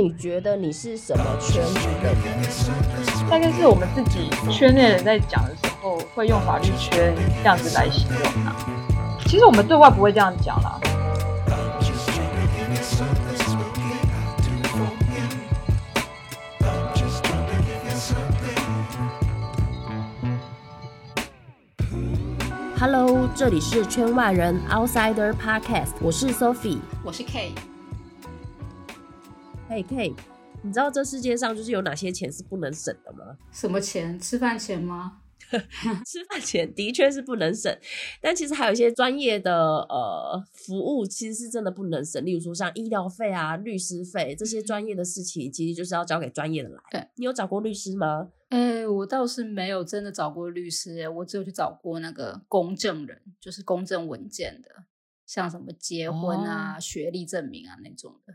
你覺得你是什麼圈的人？大概是我們自己圈內人在講的時候，會用法律圈這樣子來形容他。其實我們對外不會這樣講啦。Hello，這裡是圈外人 Outsider Podcast，我是 Sophie，我是 K。嘿以、hey, 你知道這世界上就是有哪些錢是不能省的嗎？什麼錢？吃飯錢嗎？ 吃飯錢的確是不能省，但其實還有一些專業的呃服務，其實是真的不能省。例如說像醫療費啊、律師費這些專業的事情，其實就是要交給專業的來。對、嗯、你有找過律師嗎？哎、欸，我倒是沒有真的找過律師、欸，我只有去找過那個公證人，就是公證文件的，像什麼結婚啊、哦、學歷證明啊那種的。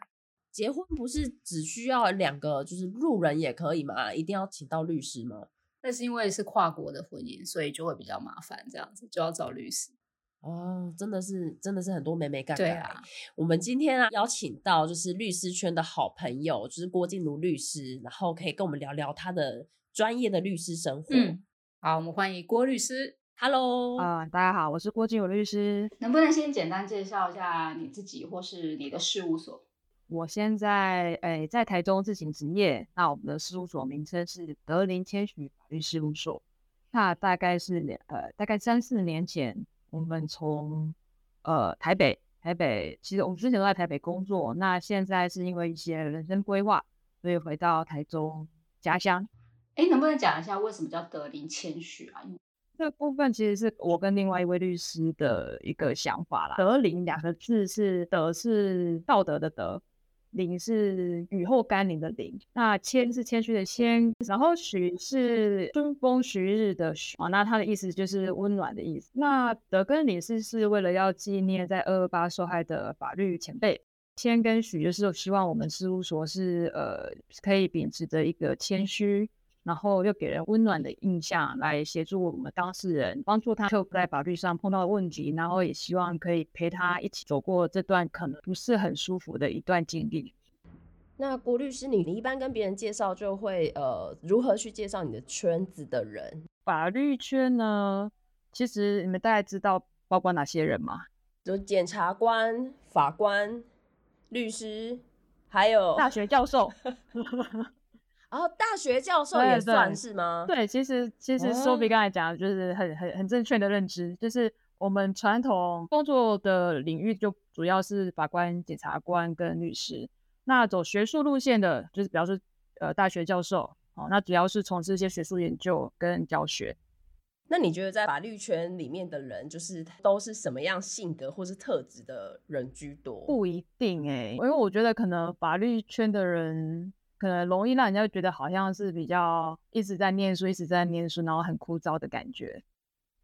結婚不是只需要兩個，就是路人也可以嘛？一定要請到律師嗎？那是因為是跨國的婚姻，所以就會比較麻煩，這樣子就要找律師哦。真的是，真的是很多眉眉角角。對啊，我們今天啊邀請到就是律師圈的好朋友，就是郭靜儒律師，然後可以跟我們聊聊他的專業的律師生活。嗯，好，我們歡迎郭律師。Hello，啊，uh, 大家好，我是郭靜儒律師。能不能先簡單介紹一下你自己或是你的事務所？我現在誒、欸、在台中自行執業，那我們的事務所名稱是德霖謙煦法律事務所。那大概是呃大概三四年前，我們從呃台北台北，其實我們之前都在台北工作。那現在是因為一些人生規劃，所以回到台中家鄉。哎、欸，能不能講一下為什麼叫德霖謙煦啊？因為這個部分其實是我跟另外一位律師的一個想法啦。德霖兩個字是德是道德的德。“霖”是雨後甘霖的“霖”，那“謙”是謙虛的“謙”，然後“煦”是春風煦日的“煦”，啊，那它的意思就是溫暖的意思。那德跟霖是為了要紀念在二二八受害的法律前輩，謙跟煦就是希望我們事務所是呃可以秉持的一個謙虛然後又給人溫暖的印象，來協助我們當事人，幫助他就在法律上碰到問題，然後也希望可以陪他一起走過這段可能不是很舒服的一段經歷。那郭律師，你你一般跟別人介紹就會呃，如何去介紹你的圈子的人？法律圈呢，其實你們大概知道包括哪些人嗎？有檢察官、法官、律師，還有大學教授。 然後、哦，大學教授也算是嗎？對，其實其實說比剛才講的，就是很很很正確的認知，就是我們傳統工作的領域就主要是法官、檢察官跟律師。那走學術路線的，就是比方說呃大學教授哦，那主要是從事一些學術研究跟教學。那你覺得在法律圈裡面的人，就是都是什麼樣性格或是特質的人居多？不一定哎、欸，因為我覺得可能法律圈的人。可能容易讓人家覺得好像是比較一直在念書，一直在念書，然後很枯燥的感覺。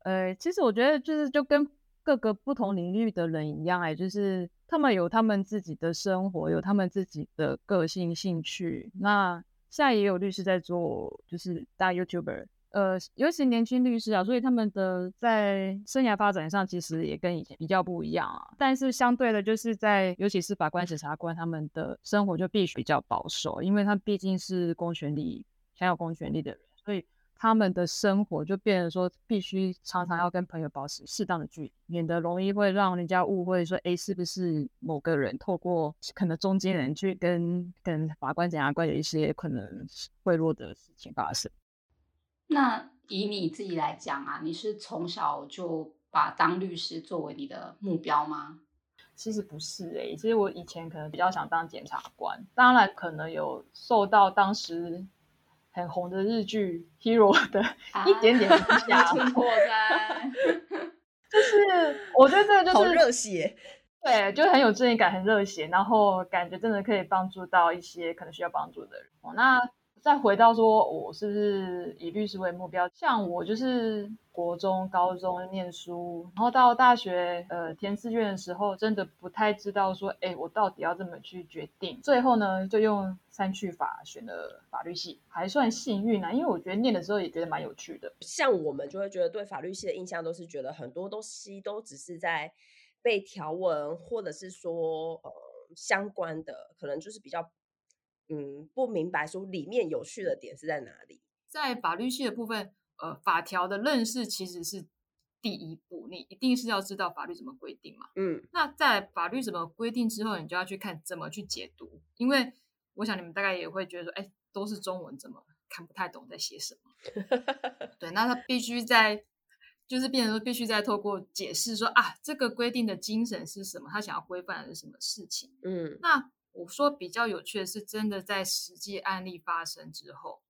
呃，其實我覺得就是就跟各個不同領域的人一樣、欸，哎，就是他們有他們自己的生活，有他們自己的個性、興趣。那現在也有律師在做，就是大 YouTuber。呃，尤其年輕律師啊，所以他們的在生涯發展上其實也跟以前比較不一樣啊。但是相對的，就是在尤其是法官、檢察官，他們的生活就必須比較保守，因為他畢竟是公權力享有公權力的人，所以他們的生活就變得說必須常常要跟朋友保持適當的距離，免得容易會讓人家誤會說，誒，是不是某個人透過可能中間人去跟跟法官、檢察官有一些可能賄賂的事情發生。那以你自己來講啊，你是從小就把當律師作為你的目標嗎？其實不是哎、欸，其實我以前可能比較想當檢察官。當然，可能有受到當時很紅的日劇《Hero》的一點點影響。挺破、啊、 就是我覺得這個就是好熱血，對，就很有正義感，很熱血，然後感覺真的可以幫助到一些可能需要幫助的人。哦、那。再回到說，我是不是以律師為目標？像我就是國中、高中唸書，然後到大學，呃，填志願的時候，真的不太知道說，哎，我到底要怎麼去決定？最後呢，就用刪去法選了法律系，還算幸運啦、啊，因為我覺得念的時候也覺得蠻有趣的。像我們就會覺得對法律系的印象都是覺得很多東西都只是在背條文，或者是說，呃，相關的，可能就是比較。嗯，不明白，說裡面有趣的點是在哪裡？在法律系的部分，呃，法條的認識其實是第一步，你一定是要知道法律怎麼規定嘛。嗯，那在法律怎麼規定之後，你就要去看怎麼去解讀，因為我想你們大概也會覺得說，哎、欸，都是中文，怎麼看不太懂在寫什麼。 對，那他必須在，就是變成說必須在透過解釋說啊，這個規定的精神是什麼，他想要規範的是什麼事情。嗯，那。我說比較有趣的是，真的在實際案例發生之後，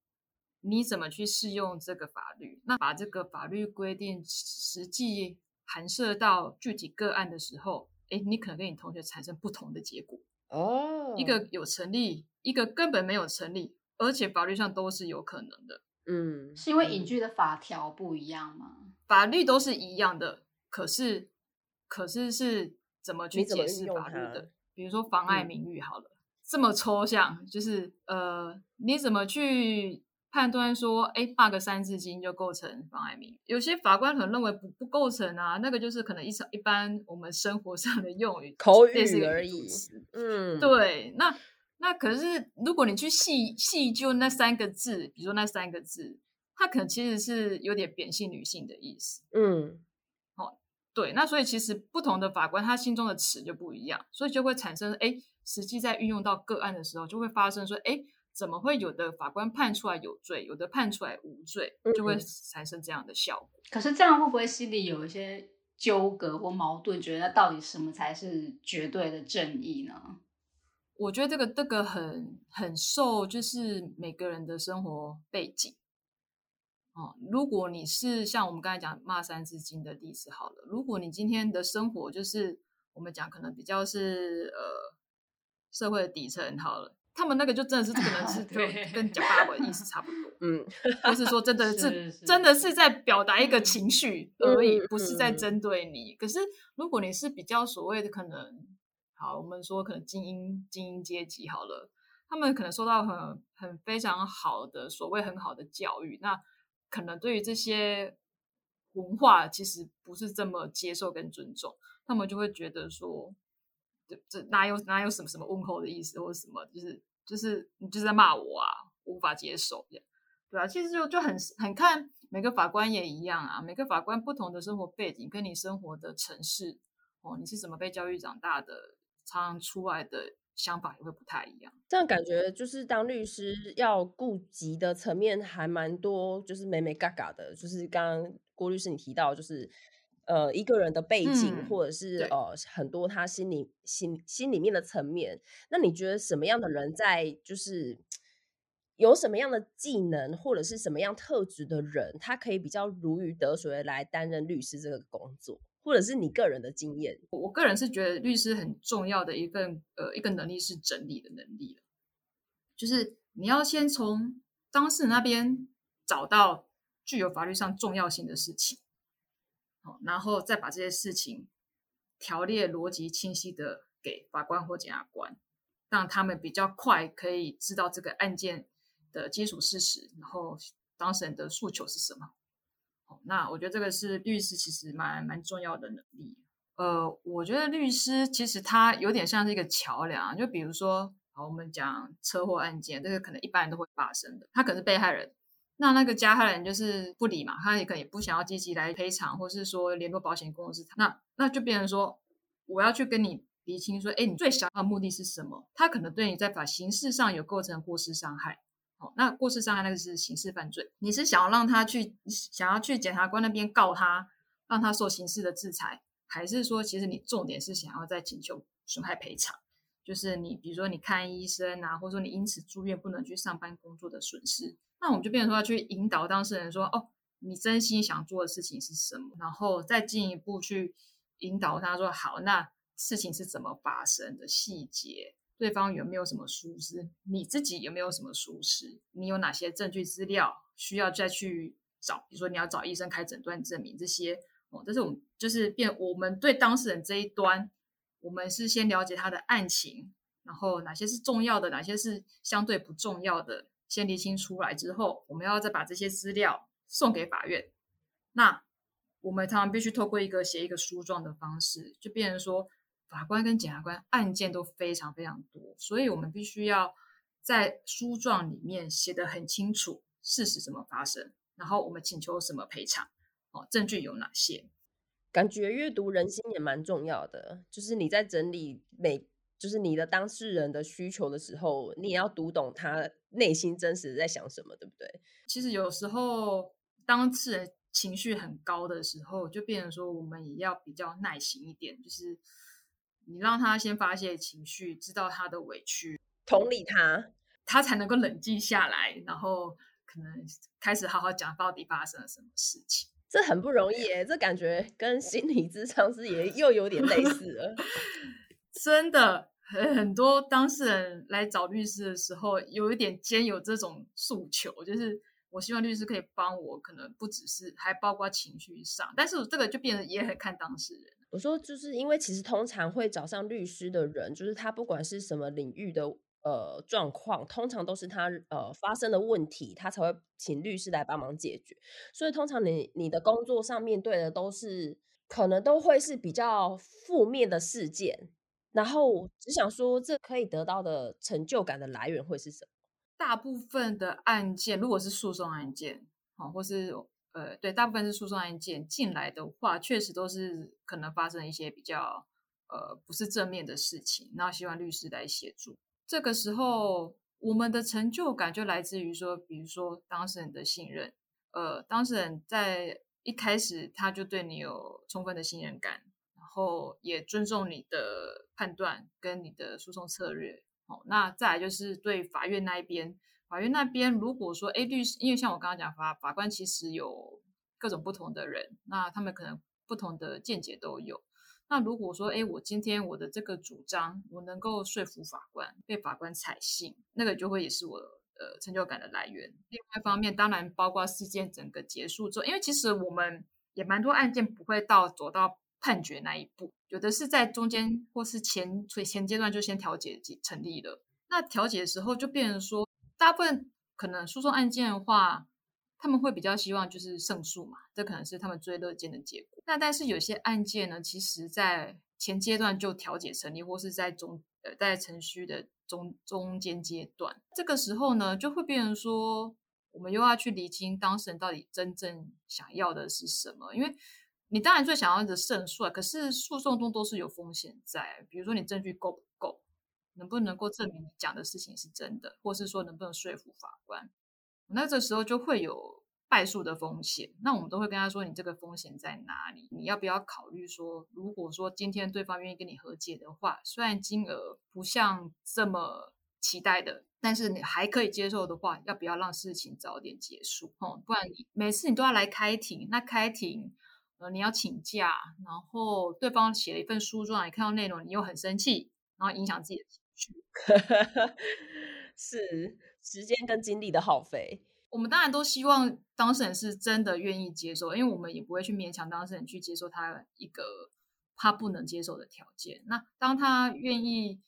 你怎麼去適用這個法律？那把這個法律規定實際涵攝到具體個案的時候，哎，你可能跟你同學產生不同的結果哦。Oh. 一個有成立，一個根本沒有成立，而且法律上都是有可能的。嗯，是因為引據的法條不一樣嗎、嗯？法律都是一樣的，可是，可是是怎麼去解釋法律的？比如說妨礙名譽好了，嗯、這麼抽象，就是呃，你怎麼去判斷說，哎、嗯，罵個三字經就構成妨礙名？有些法官可能認為不不構成啊，那個就是可能一一般我們生活上的用語、口語而已。的嗯，對。那那可是，如果你去細細究那三個字，比如說那三個字，它可能其實是有點貶性女性的意思。嗯。對，那所以其實不同的法官，他心中的尺就不一樣，所以就會產生，哎，實際在運用到個案的時候，就會發生說，哎，怎麼會有的法官判出來有罪，有的判出來無罪，就會產生這樣的效果。嗯嗯。可是這樣會不會心裡有一些糾葛或矛盾？覺得那到底什麼才是絕對的正義呢？我覺得這個這個很很受，就是每個人的生活背景。哦，如果你是像我們剛才講罵三字經的例子好了，如果你今天的生活就是我們講可能比較是呃社會的底層好了，他們那個就真的是可能是跟講八的意思差不多，嗯，不是說真的是真的是在表達一個情緒而已，不是在針對你。 是是是，可是如果你是比較所謂的可能好，我們說可能精英精英階級好了，他們可能受到很很非常好的所謂很好的教育，那。可能對於這些文化，其實不是這麼接受跟尊重，他們就會覺得說，這這哪有哪有什麼什麼問候的意思，或者什麼，就是就是你就是在罵我啊，無法接受這樣，對啊，其實就就很很看每個法官也一樣啊，每個法官不同的生活背景，跟你生活的城市，哦，你是怎麼被教育長大的，常常出來的。想法也會不太一樣，這樣感覺就是當律師要顧及的層面還蠻多，就是美美嘎嘎的，就是剛剛郭律師你提到，就是呃一個人的背景、嗯、或者是對呃很多他心裡心心裡面的層面，那你覺得什麼樣的人在就是有什麼樣的技能或者是什麼樣特質的人，他可以比較如魚得水來擔任律師這個工作？或者是你個人的經驗，我我個人是覺得律師很重要的一份呃一個能力是整理的能力，就是你要先從當事人那邊找到具有法律上重要性的事情，然後再把這些事情條列邏輯清晰的給法官或檢察官，讓他們比較快可以知道這個案件的基礎事實，然後當事人的訴求是什麼。那我覺得這個是律師其實蠻蠻重要的能力。呃，我覺得律師其實他有點像是一個橋樑。就比如說，好，我們講車禍案件，這個可能一般人都會發生的。他可能是被害人，那那個加害人就是不理嘛，他也可能也不想要積極來賠償，或是說聯絡保險公司。那那就變成說，我要去跟你釐清說，哎，你最想要的目的是什麼？他可能對你在法刑事上有構成過失傷害。哦，那過失傷害那個是刑事犯罪，你是想要讓他去，想要去檢察官那邊告他，讓他受刑事的制裁，還是說其實你重點是想要再請求損害賠償？就是你比如說你看醫生啊，或者說你因此住院不能去上班工作的損失，那我們就變成說要去引導當事人說，哦，你真心想做的事情是什麼，然後再進一步去引導他說，好，那事情是怎麼發生的細節。對方有沒有什麼疏失？你自己有沒有什麼疏失？你有哪些證據資料需要再去找？比如說你要找醫生開診斷證明這些哦。這是我們就是變，我們對當事人這一端，我們是先了解他的案情，然後哪些是重要的，哪些是相對不重要的，先理清出來之後，我們要再把這些資料送給法院。那我們常常必須透過一個寫一個訴狀的方式，就變成說。法官跟檢察官案件都非常非常多，所以我們必須要在訴狀裡面寫得很清楚，事實怎麼發生，然後我們請求什麼賠償，哦，證據有哪些？感覺閱讀人心也蠻重要的，就是你在整理每，就是你的當事人的需求的時候，你也要讀懂他內心真實在想什麼，對不對？其實有時候當事人情緒很高的時候，就變成說我們也要比較耐心一點，就是。你讓他先發洩情緒，知道他的委屈，同理他，他才能夠冷靜下來，然後可能開始好好講到底發生了什麼事情。這很不容易誒，這感覺跟心理諮商師也又有點類似了。 真的，很很多當事人來找律師的時候，有一點兼有這種訴求，就是我希望律師可以幫我，可能不只是還包括情緒上，但是這個就變得也很看當事人。我說，就是因為其實通常會找上律師的人，就是他不管是什麼領域的呃狀況，通常都是他呃發生的問題，他才會請律師來幫忙解決。所以通常你你的工作上面對的都是可能都會是比較負面的事件。然後只想說，這可以得到的成就感的來源會是什麼？大部分的案件，如果是訴訟案件，好，或是。呃，對，大部分是訴訟案件進來的話，確實都是可能發生一些比較呃不是正面的事情。那希望律師來協助。這個時候，我們的成就感就來自於說，比如說當事人的信任，呃，當事人在一開始他就對你有充分的信任感，然後也尊重你的判斷跟你的訴訟策略。哦，那再來就是對法院那一邊。法院那邊，如果說哎律師，因為像我剛剛講法法官，其實有各種不同的人，那他們可能不同的見解都有。那如果說哎我今天我的這個主張，我能夠說服法官被法官採信，那個就會也是我的呃成就感的來源。另外一方面，當然包括事件整個結束之後，因為其實我們也蠻多案件不會到走到判決那一步，有的是在中間或是前所以前階段就先調解成立了。那調解的時候就變成說，大部分可能訴訟案件的話，他們會比較希望就是勝訴嘛，這可能是他們最樂見的結果。那但是有些案件呢，其實，在前階段就調解成立，或是在中呃在程序的中中間階段，這個時候呢，就會變成說，我們又要去理清當事人到底真正想要的是什麼。因為你當然最想要的是勝訴啊，可是訴訟中都是有風險在，比如說你證據夠不夠。能不能夠證明你講的事情是真的，或是說能不能說服法官？那這時候就會有敗訴的風險。那我們都會跟他說，你這個風險在哪裡？你要不要考慮說，如果說今天對方願意跟你和解的話，雖然金額不像這麼期待的，但是你還可以接受的話，要不要讓事情早點結束？哦，不然你每次你都要來開庭，那開庭，呃，你要請假，然後對方寫了一份訴狀，你看到內容你又很生氣，然後影響自己的。 是時間跟精力的耗費，我們當然都希望當事人是真的願意接受，因為我們也不會去勉強當事人去接受他一個他不能接受的條件。那當他願意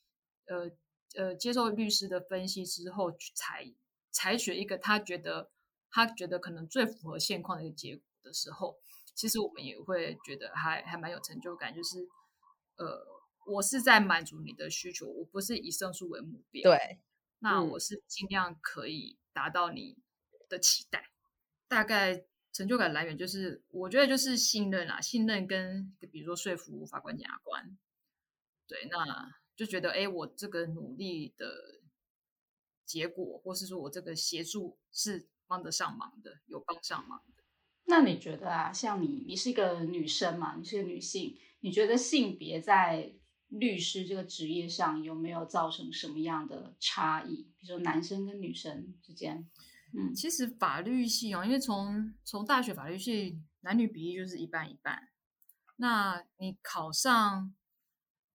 呃呃接受律師的分析之後，採採取一個他覺得他覺得可能最符合現況的一個結果的時候，其實我們也會覺得還還蠻有成就感，就是呃。我是在滿足你的需求，我不是以勝訴為目標。對，那我是盡量可以達到你的期待。嗯、大概成就感來源就是，我覺得就是信任啊，信任跟比如說說服法官、檢察官。對，那就覺得哎、欸，我這個努力的結果，或是說我這個協助是幫得上忙的，有幫上忙的。那你覺得啊，像你，你是一個女生嘛，你是一個女性，你覺得性別在律師這個職業上有沒有造成什麼樣的差異？比如說男生跟女生之間，嗯，其實法律系哦，因為從從大學法律系男女比例就是一半一半，那你考上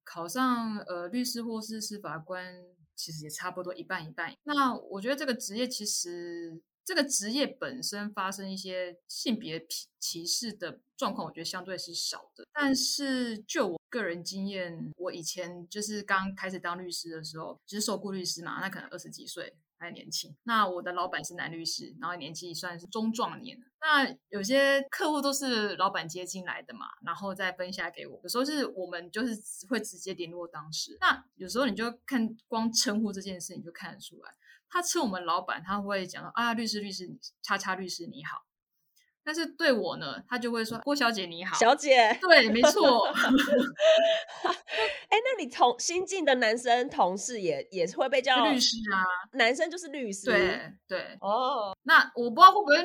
考上呃律師或是司法官，其實也差不多一半一半。那我覺得這個職業其實。這個職業本身發生一些性別歧歧視的狀況，我覺得相對是少的。但是就我個人經驗，我以前就是剛開始當律師的時候，就是受雇律師嘛，那可能二十幾歲。還年輕，那我的老闆是男律師，然後年紀算是中壯年。那有些客戶都是老闆接進來的嘛，然後再分下給我。有時候是我們就是會直接聯絡當事。那有時候你就看光稱呼這件事，你就看得出來，他稱我們老闆，他會講啊，律師律師，叉叉律師你好。但是對我呢，他就會說：“郭小姐你好，小姐。”對，沒錯。哎、 欸，那你從新進的男生同事也也會被叫律師啊？男生就是律師，啊對，對對哦。Oh. 那我不知道會不會讓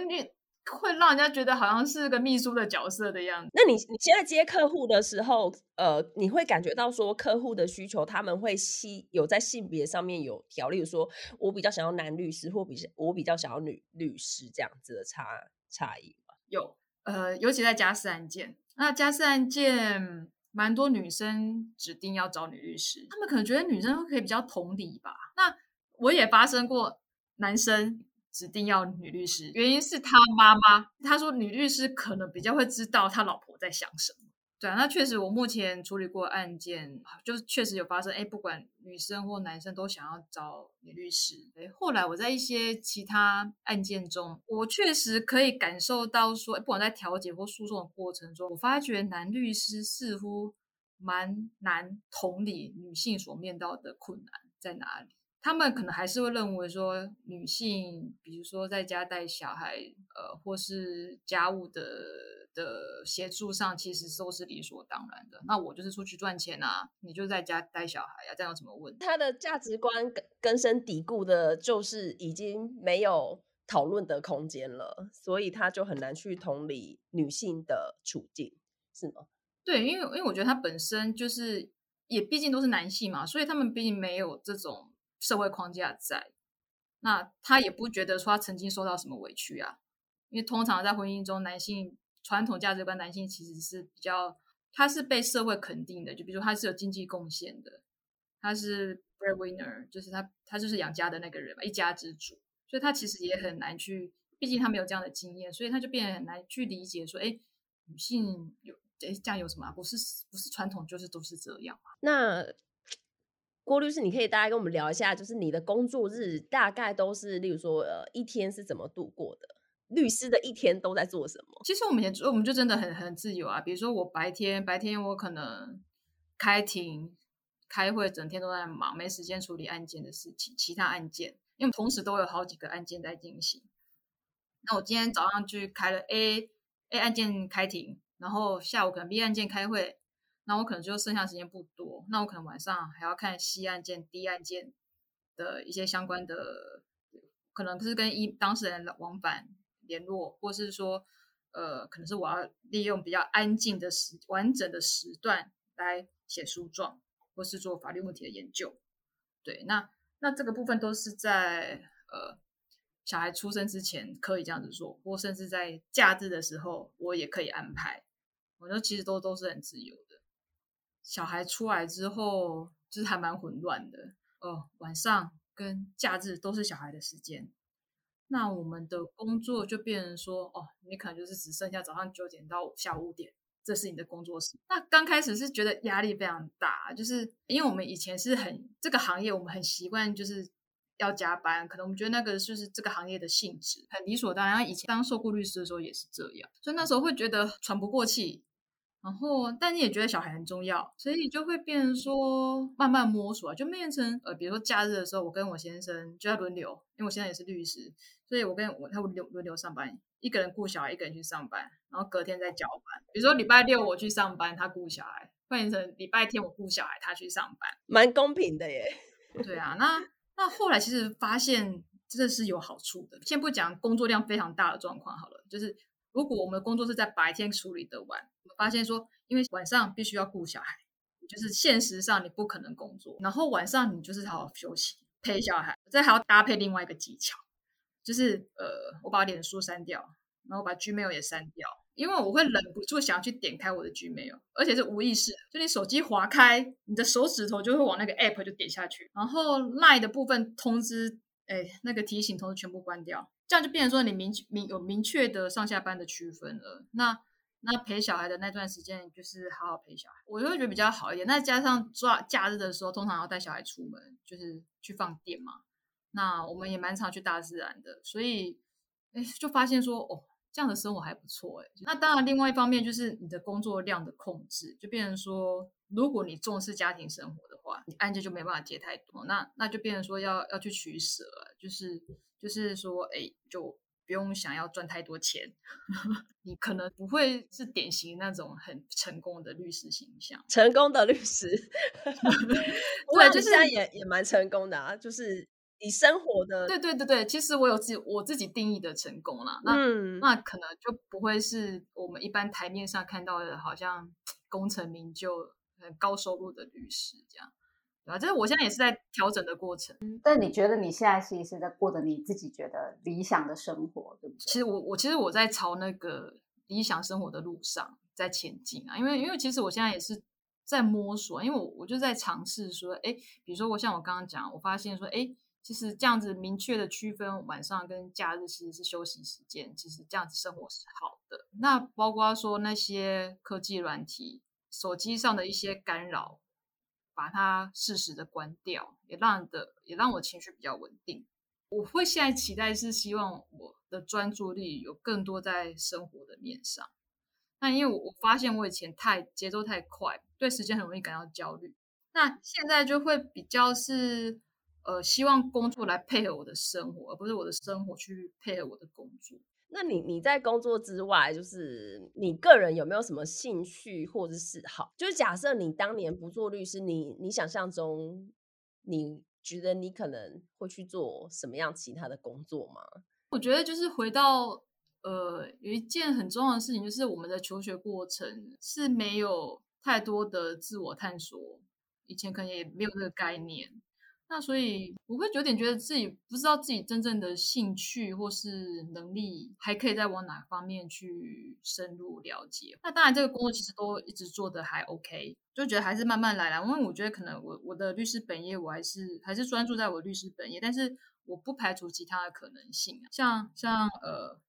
會讓人家覺得好像是個秘書的角色的樣子？那你你現在接客戶的時候，呃，你會感覺到說客戶的需求他們會性有在性別上面有條，例如說，我比較想要男律師，或比我比較想要女律師這樣子的差差異。有，呃，尤其在家事案件，那家事案件蠻多女生指定要找女律師，他們可能覺得女生可以比較同理吧。那我也發生過男生指定要女律師，原因是他媽媽，他說女律師可能比較會知道他老婆在想什麼。對啊，那確實，我目前處理過案件，就是確實有發生。哎，不管女生或男生都想要找女律師。哎，後來我在一些其他案件中，我確實可以感受到說，不管在調解或訴訟的過程中，我發覺男律師似乎蠻難同理女性所面對的困難在哪裡。他們可能還是會認為說，女性比如說在家帶小孩，呃，或是家務的的協助上，其實都是理所當然的。那我就是出去賺錢啊，你就在家帶小孩啊，這樣有什麼問題？他的價值觀根根深蒂固的，就是已經沒有討論的空間了，所以他就很難去同理女性的處境，是嗎？對，因為因為我覺得他本身就是也畢竟都是男性嘛，所以他們畢竟沒有這種。社會框架在，那他也不覺得說他曾經受到什麼委屈啊，因為通常在婚姻中，男性傳統價值觀，男性其實是比較，他是被社會肯定的，就比如說他是有經濟貢獻的，他是 breadwinner，就是他他就是養家的那個人嘛，一家之主，所以他其實也很難去，畢竟他沒有這樣的經驗，所以他就變得很難去理解說，哎，女性有，誒，這樣有什麼啊？不是不是傳統就是都是這樣啊。那。郭律師，你可以大概跟我們聊一下，就是你的工作日大概都是，例如說，呃，一天是怎麼度過的？律師的一天都在做什麼？其實我們也，我們就真的很很自由啊。比如說，我白天白天我可能開庭、開會，整天都在忙，沒時間處理案件的事情。其他案件，因為同時都有好幾個案件在進行。那我今天早上去開了 A A 案件開庭，然後下午可能 B 案件開會。那我可能就剩下時間不多，那我可能晚上還要看 C 案件、D 案件的一些相關的，可能是跟一當事人的往返聯絡，或是說，呃，可能是我要利用比較安靜的時完整的時段來寫訴狀，或是做法律問題的研究。對，那那這個部分都是在呃，小孩出生之前可以這樣子做，或甚至在假日的時候我也可以安排，我覺得其實都都是很自由的。小孩出來之後，就是還蠻混亂的哦。晚上跟假日都是小孩的時間，那我們的工作就變成說，哦，你可能就是只剩下早上九點到下午五點，這是你的工作時間。那剛開始是覺得壓力非常大，就是因為我們以前是很這個行業，我們很習慣就是要加班，可能我們覺得那個就是這個行業的性質，很理所當然。以前當受雇律師的時候也是這樣，所以那時候會覺得喘不過氣。然後，但你也覺得小孩很重要，所以你就會變成說慢慢摸索啊，就變成呃，比如說假日的時候，我跟我先生就要輪流，因為我現在也是律師，所以我跟我他我輪流上班，一個人顧小孩，一個人去上班，然後隔天再交班。比如說禮拜六我去上班，他顧小孩，換成禮拜天我顧小孩，他去上班，蠻公平的耶。對啊，那那後來其實發現真的是有好處的，先不講工作量非常大的狀況好了，就是。如果我們工作是在白天處理得完，我們發現說，因為晚上必須要顧小孩，就是現實上你不可能工作，然後晚上你就是好好休息陪小孩。再還要搭配另外一個技巧，就是呃，我把臉書刪掉，然後把 Gmail 也刪掉，因為我會忍不住想要去點開我的 Gmail，而且是無意識，就你手機滑開，你的手指頭就會往那個 APP 就點下去，然後賴的部分通知，哎，那個提醒通知全部關掉，這樣就變成說你明明有明確的上下班的區分了。那那陪小孩的那段時間，就是好好陪小孩，我就會覺得比較好一點。那加上假假日的時候，通常要帶小孩出門，就是去放電嘛。那我們也蠻常去大自然的，所以哎，就發現說哦，這樣的生活還不錯哎。那當然，另外一方面就是你的工作量的控制，就變成說，如果你重視家庭生活，你案件就沒辦法接太多，那那就變成說要要去取捨了，就是就是說，哎、欸，就不用想要賺太多錢， 你可能不會是典型那種很成功的律師形象，成功的律師，對，就是現在也也蠻成功的啊，就是以生活的，對對對對，其實我有自己我自己定義的成功了，嗯、那那可能就不會是我們一般台面上看到的，好像功成名就。很高收入的律師這樣，對吧？就是我現在也是在調整的過程。嗯，但你覺得你現在是一是在過着你自己覺得理想的生活，對不對？其實我我其實我在朝那個理想生活的路上在前進啊，因為因為其實我現在也是在摸索，因為我我就在嘗試說，誒，比如說我像我剛剛講，我發現說，誒，其實這樣子明確的區分晚上跟假日其實是休息時間，其實這樣子生活是好的。那包括說那些科技軟體。手機上的一些干擾，把它適時的關掉，也讓的也讓我情緒比較穩定。我會現在期待是希望我的專注力有更多在生活的面上。那因為我我發現我以前太節奏太快，對時間很容易感到焦慮。那現在就會比較是呃，希望工作來配合我的生活，而不是我的生活去配合我的工作。那你你在工作之外，就是你個人有沒有什麼興趣或者是嗜好？就是假設你當年不做律師，你你想象中你覺得你可能會去做什麼樣其他的工作嗎？我覺得就是回到呃，有一件很重要的事情，就是我們的求學過程是沒有太多的自我探索，以前可能也沒有這個概念。那所以我會有點覺得自己不知道自己真正的興趣或是能力還可以再往哪方面去深入了解。那當然，這個工作其實都一直做的還 OK，就覺得還是慢慢來啦。因為我覺得可能我我的律師本業我還是還是專注在我律師本業，但是我不排除其他的可能性啊。像像呃，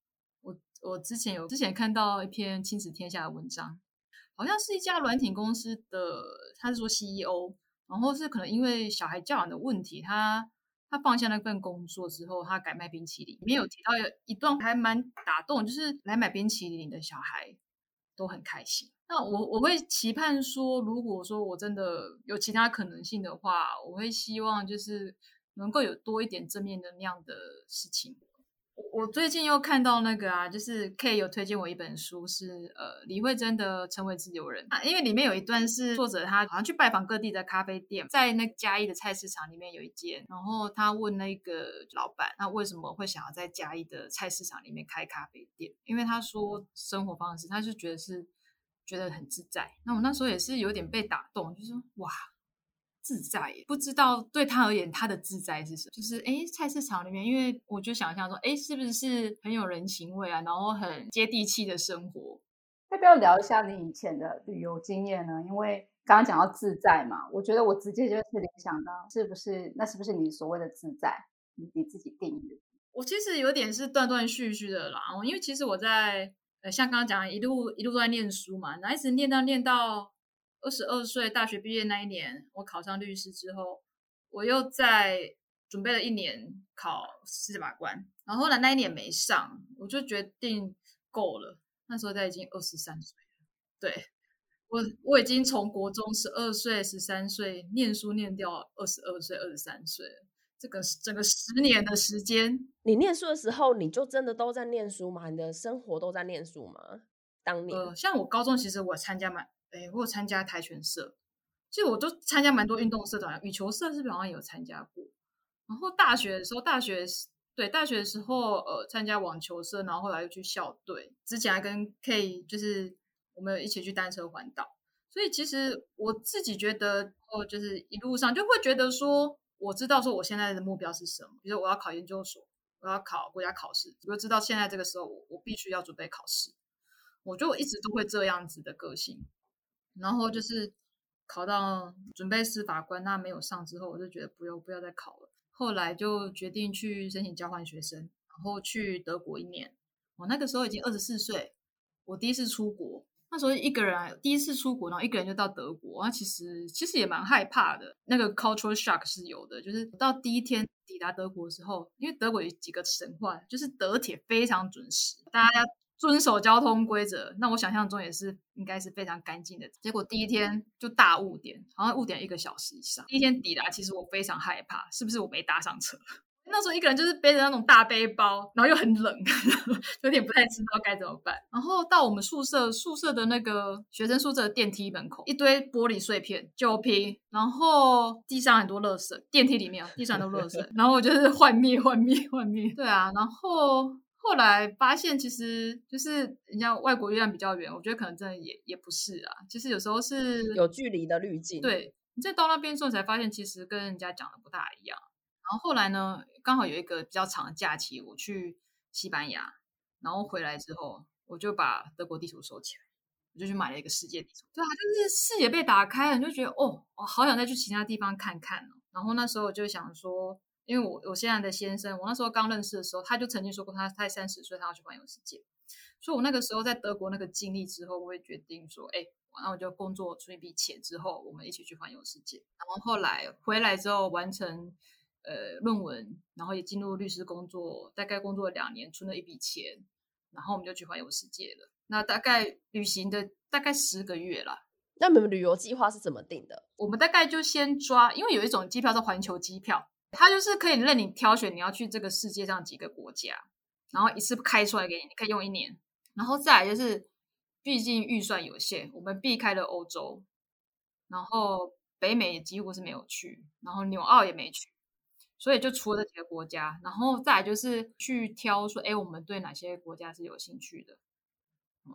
我我之前有之前看到一篇《親子天下》的文章，好像是一家軟體公司的，他是做 CEO。然後是可能因為小孩教養的問題，他他放下那份工作之後，他改賣冰淇淋。裡面有提到有一段還蠻打動，就是來買冰淇淋的小孩都很開心。那我我會期盼說，如果說我真的有其他可能性的話，我會希望就是能夠有多一點正面能量的事情。我我最近又看到，那個啊，就是 K 有推薦我一本書是，是呃李惠貞的《成為自由人》啊，因為裡面有一段是作者他好像去拜訪各地的咖啡店，在那個嘉義的菜市場裡面有一間，然後他問那個老闆，那為什麼會想要在嘉義的菜市場裡面開咖啡店？因為他說生活方式，他就覺得是覺得很自在。那我那時候也是有點被打動，就是說，哇。自在，不知道對他而言，他的自在是什麼？就是誒菜市場裡面，因為我就想象說，誒是不是很有人情味啊？然後很接地氣的生活。要不要聊一下你以前的旅遊經驗呢？因為剛剛講到自在嘛，我覺得我直接就是聯想到，是不是那是不是你所謂的自在？你自己定義？我其實有點是斷斷續續的啦，因為其實我在呃，像剛剛講的，一路一路都在念書嘛，哪一直念到念到。念到二十二歲大學畢業那一年，我考上律師之後，我又再準備了一年考司法官，然後後來，那一年沒上，我就決定夠了。那時候他已經二十三歲。對，我我已經從國中十二歲、十三歲念書念掉二十二歲、二十三歲，這個整個十年的時間，你念書的時候，你就真的都在念書嗎？你的生活都在念書嗎？當年，呃，像我高中，其實我參加滿。哎，或參加跆拳社，其實我都參加蠻多運動社團，羽球社是不是好像也有參加過？然後大學的時候，大學，對，大學的時候，呃，參加網球社，然後後來又去校隊。之前還跟 K 就是我們一起去單車環島。所以其實我自己覺得，哦，就是一路上就會覺得說，我知道說我現在的目標是什麼？比如說我要考研究所，我要考國家考試，我就知道現在這個時候我我必須要準備考試。我就一直都會這樣子的個性。然後就是考到準備司法官，那沒有上之後，我就覺得不用不要再考了。後來就決定去申請交換學生，然後去德國一年。我、哦、那個時候已經二十四歲，對我第一次出國，那時候一個人啊，第一次出國，然後一個人就到德國。那其實其實也蠻害怕的，那個 cultural shock 是有的。就是到第一天抵達德國之後，因為德國有幾個神話，就是德鐵非常準時，大家要、嗯。遵守交通規則，那我想象中也是應該是非常乾淨的。結果第一天就大誤點，對好像誤點一個小時以上。第一天抵達、啊，其實我非常害怕，是不是我沒搭上車？ 那時候一個人就是背着那種大背包，然後又很冷， 有點不太知道該怎麼辦。然後到我們宿舍，宿舍的那個學生宿舍的電梯門口，一堆玻璃碎片，酒瓶，然後地上很多垃圾，電梯裡面，地上都垃圾。 然後我就是幻滅、幻滅、幻滅。對啊，然後。後來發現，其實就是人家外國月亮比較圓，我覺得可能真的也也不是啊。其實有時候是有距離的濾鏡，對，你再到那邊之後才發現，其實跟人家講的不大一樣。然後後來呢，剛好有一個比較長的假期，我去西班牙，然後回來之後，我就把德國地圖收起來，我就去買了一個世界地圖。對啊，就是視野被打開了，你就覺得哦，我好想再去其他地方看看哦。然後那時候我就想說。因為我我現在的先生，我那時候剛認識的時候，他就曾經說過他，他太三十歲，他要去環遊世界。所以，我那個時候在德國那個經歷之後，我會決定說，哎，那我就工作存一筆錢之後，我們一起去環遊世界。然後後來回來之後，完成呃論文，然後也進入律師工作，大概工作了兩年，存了一筆錢，然後我們就去環遊世界了。那大概旅行的大概十個月了。那你們旅遊計劃是怎麼定的？我們大概就先抓，因為有一種機票叫環球機票。它就是可以任你挑選，你要去這個世界上幾個國家，然後一次開出來給你，你可以用一年。然後再來就是，畢竟預算有限，我們避開了歐洲，然後北美也幾乎是沒有去，然後紐澳也沒去，所以就除了這幾個國家，然後再來就是去挑說，誒、欸，我們對哪些國家是有興趣的。那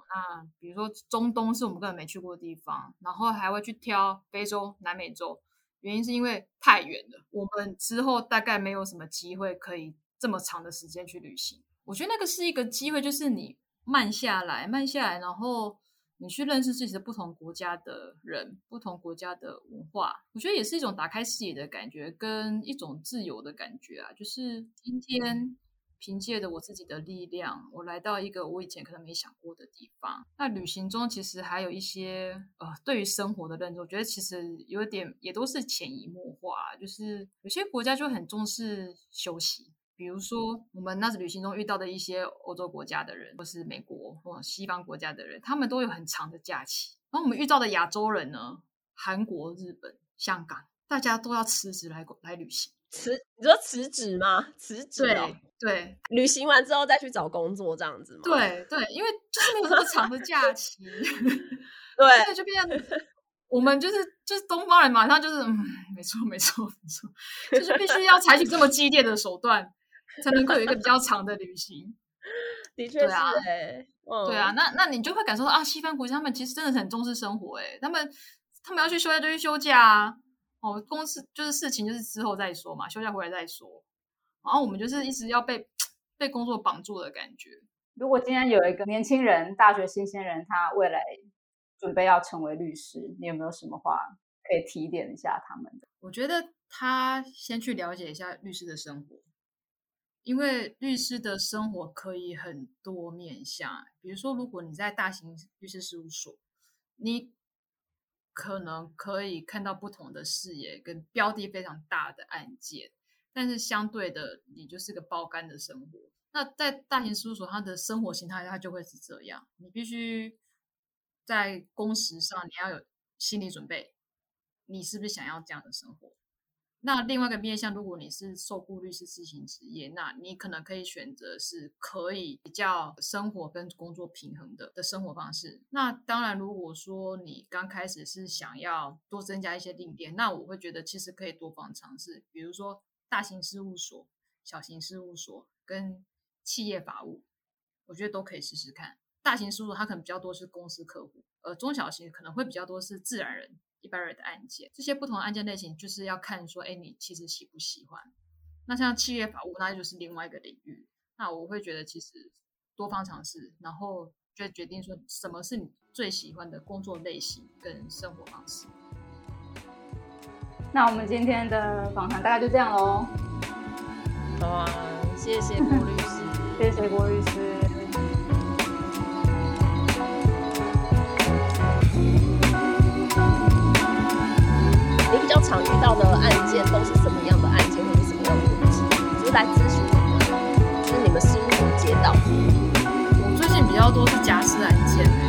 比如說中東是我們根本沒去過的地方，然後還會去挑非洲、南美洲。原因是因為太遠了，我們之後大概沒有什麼機會可以這麼長的時間去旅行。我覺得那個是一個機會，就是你慢下來，慢下來，然後你去認識自己的不同國家的人、不同國家的文化。我覺得也是一種打開視野的感覺，跟一種自由的感覺啊。就是今天。嗯憑借着我自己的力量，我來到一個我以前可能沒想過的地方。那旅行中其實還有一些呃，對於生活的認知，我覺得其實有點也都是潛移默化。就是有些國家就很重視休息，比如說我們那次旅行中遇到的一些歐洲國家的人，或是美國或、哦、西方國家的人，他們都有很長的假期。然後我們遇到的亞洲人呢，韓國、日本、香港，大家都要辭職來來旅行。辭，你說辭職嗎？辭職哦，對，對旅行完之後再去找工作這樣子嗎？對對，因為就是沒有這麼長的假期， 對，就變 我們就是就是東方人，馬上就是嗯，沒錯沒錯沒錯，就是必須要採取 這麼激烈的手段，才能夠有一個比較長的旅行。的確，欸，對啊，嗯，對啊，那那你就會感受到啊，西方國家他們其實真的很重視生活，欸，哎，他們他們要去休假就去休假啊。哦，公司就是事情，就是之後再說嘛，休假回來再說。然後我們就是一直要被被工作綁住的感覺。如果今天有一個年輕人，大學新鮮人，他未來準備要成為律師，你有沒有什麼話可以提點一下他們的？我覺得他先去了解一下律師的生活，因為律師的生活可以很多面向。比如說，如果你在大型律師事務所，你。可能可以看到不同的視野跟標的非常大的案件，但是相對的，你就是個包幹的生活。那在大型事務所，他的生活形態，他就會是這樣。你必須在工時上，你要有心理準備。你是不是想要這樣的生活？那另外一個面向，如果你是受雇律師、自行執業，那你可能可以選擇是可以比較生活跟工作平衡的的生活方式。那當然，如果說你剛開始是想要多增加一些定點，那我會覺得其實可以多方嘗試，比如說大型事務所、小型事務所跟企業法務，我覺得都可以試試看。大型事務所它可能比較多是公司客戶，呃，中小型可能會比較多是自然人。一般的案件，這些不同的案件類型，就是要看說，哎，你其實喜不喜歡？那像契約法務，那就是另外一個領域。那我會覺得，其實多方嘗試，然後就決定說，什麼是你最喜歡的工作類型跟生活方式？那我們今天的訪談大概就這樣嘍，哦。好啊，謝謝郭律師， 謝謝郭律師。你比較常遇到的案件都是什麼樣的案件，或者什麼樣的問題？只是，是，是來諮詢你們，就是你們是如何解答？我最近比較多是家事案件。